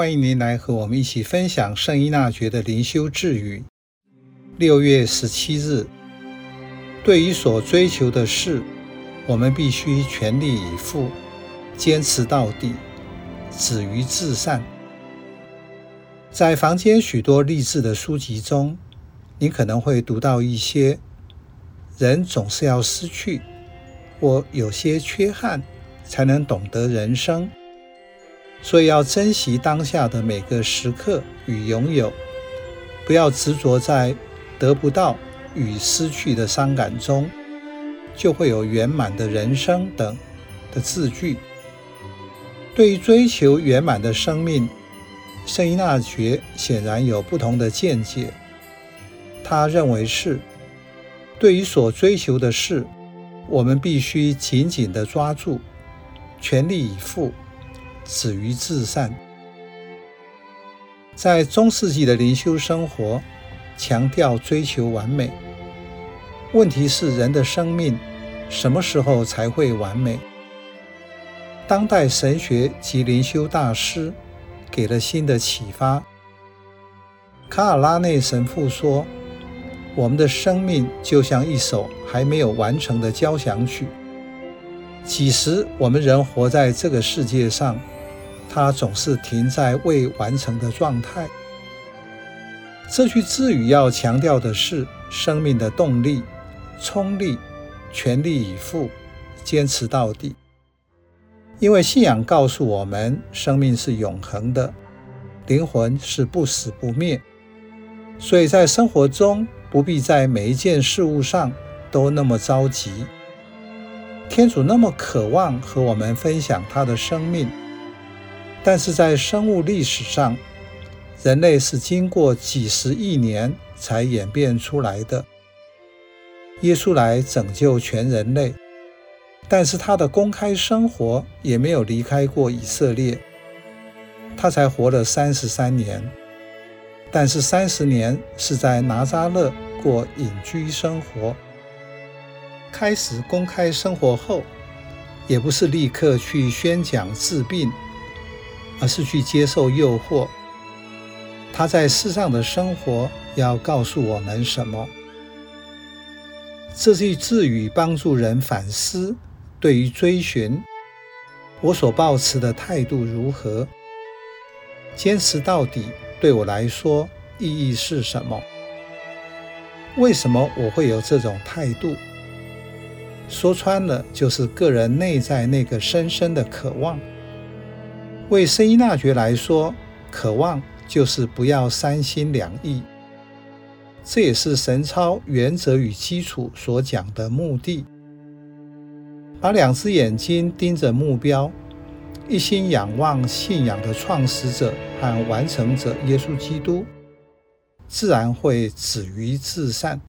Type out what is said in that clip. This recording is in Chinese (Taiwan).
歡迎您來和我們一起分享聖依納爵的靈修智語。六月十七日，對於所追求的事，我們必須全力以赴，堅持到底，止於至善。在坊間許多勵志的書籍中，您可能會讀到一些：人總是要失去或有些缺憾，才能懂得人生。所以要珍惜當下的每個時刻與擁有，不要執着在得不到與失去的傷感中，就會有圓滿的人生等的字句。對於追求圓滿的生命，聖依納爵顯然有不同的見解。他認為是，對於所追求的事，我們必須緊緊地抓住，全力以赴。止於至善。在中世紀的靈修生活，強調追求完美。問題是，人的生命什麼時候才會完美？當代神學及靈修大師給了新的啟發。卡爾拉內神父說：“我們的生命就像一首還沒有完成的交響曲。幾時我們人活在這個世界上？”它總是停在未完成的狀態。這句智語要強調的是生命的動力、衝力、全力以赴、堅持到底。因為信仰告訴我們，生命是永恆的，靈魂是不死不滅，所以在生活中不必在每一件事物上都那麼着急。天主那麼渴望和我們分享他的生命。但是在生物歷史上，人類是經過幾十億年才演變出來的。耶穌來拯救全人類，但是他的公開生活也沒有離開過以色列，他才活了三十三年。但是三十年是在納匝肋過隱居生活，開始公開生活後，也不是立刻去宣講治病。而是去接受誘惑，他在世上的生活要告訴我們什麼？這句智語幫助人反思，對於追尋，我所抱持的態度如何？堅持到底對我來說意義是什麼？為什麼我會有這種態度？說穿了，就是個人內在那個深深的渴望。為聖依納爵來說，渴望就是不要三心兩意。這也是神操原則與基礎所講的目的。把兩隻眼睛盯着目標，一心仰望信仰的創始者和完成者耶穌基督，自然會止於至善。